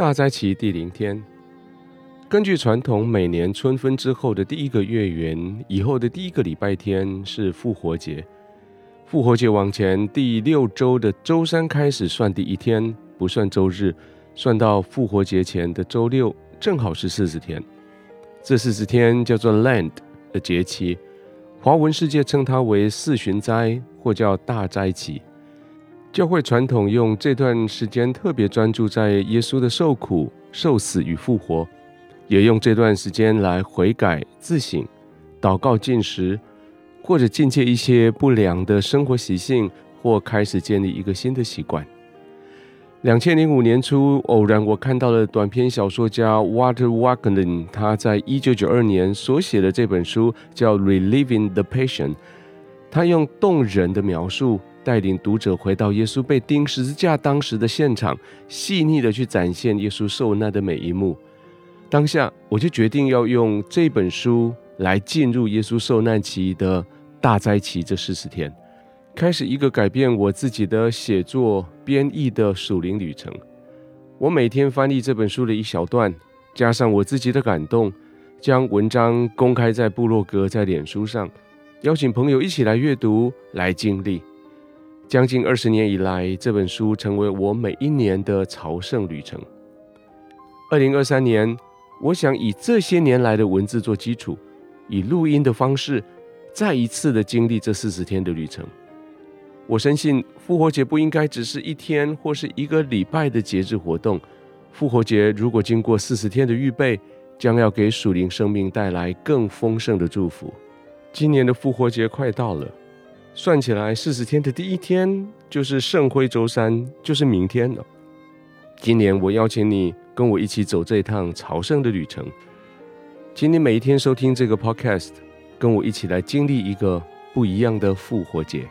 大齋期第零天，根據傳統，每年春分之後的第一個月圓以後的第一個禮拜天是復活節。復活節往前第六周的周三開始算第一天，不算周日，算到復活節前的周六，正好是四十天。這四十天叫做 Lent 的節期，華文世界稱它為四旬齋或叫大齋期。教會傳統用這段時間特別專注在耶穌的受苦、受死與復活，也用這段時間來悔改、自省、禱告、禁食，或者禁戒一些不良的生活習性，或開始建立一個新的習慣。兩千零五年初，偶然我看到了短篇小說家 Walter Wangerin 他在一九九二年所寫的這本書叫《Reliving the Passion》，他用動人的描述。帶領讀者回到耶穌被釘十字架當時的現場，細膩的去展現耶穌受難的每一幕。當下，我就決定要用這本書來進入耶穌受難期的大齋期這四十天，開始一個改變我自己的寫作編譯的屬靈旅程。我每天翻譯這本書的一小段，加上我自己的感動，將文章公開在部落格，在臉書上，邀請朋友一起來閱讀，來經歷。將近二十年以來，這本書成為我每一年的朝聖旅程。二零二三年，我想以這些年來的文字做基礎，以錄音的方式，再一次的經歷這四十天的旅程。我深信復活節不應該只是一天或是一個禮拜的節日活動。復活節如果經過四十天的預備，將要給屬靈生命帶來更豐盛的祝福。今年的復活節快到了。算起來，四十天的第一天就是聖灰週三，就是明天了。今年我邀請你跟我一起走這趟朝聖的旅程，請你每一天收聽這個 podcast，跟我一起來經歷一個不一樣的復活節。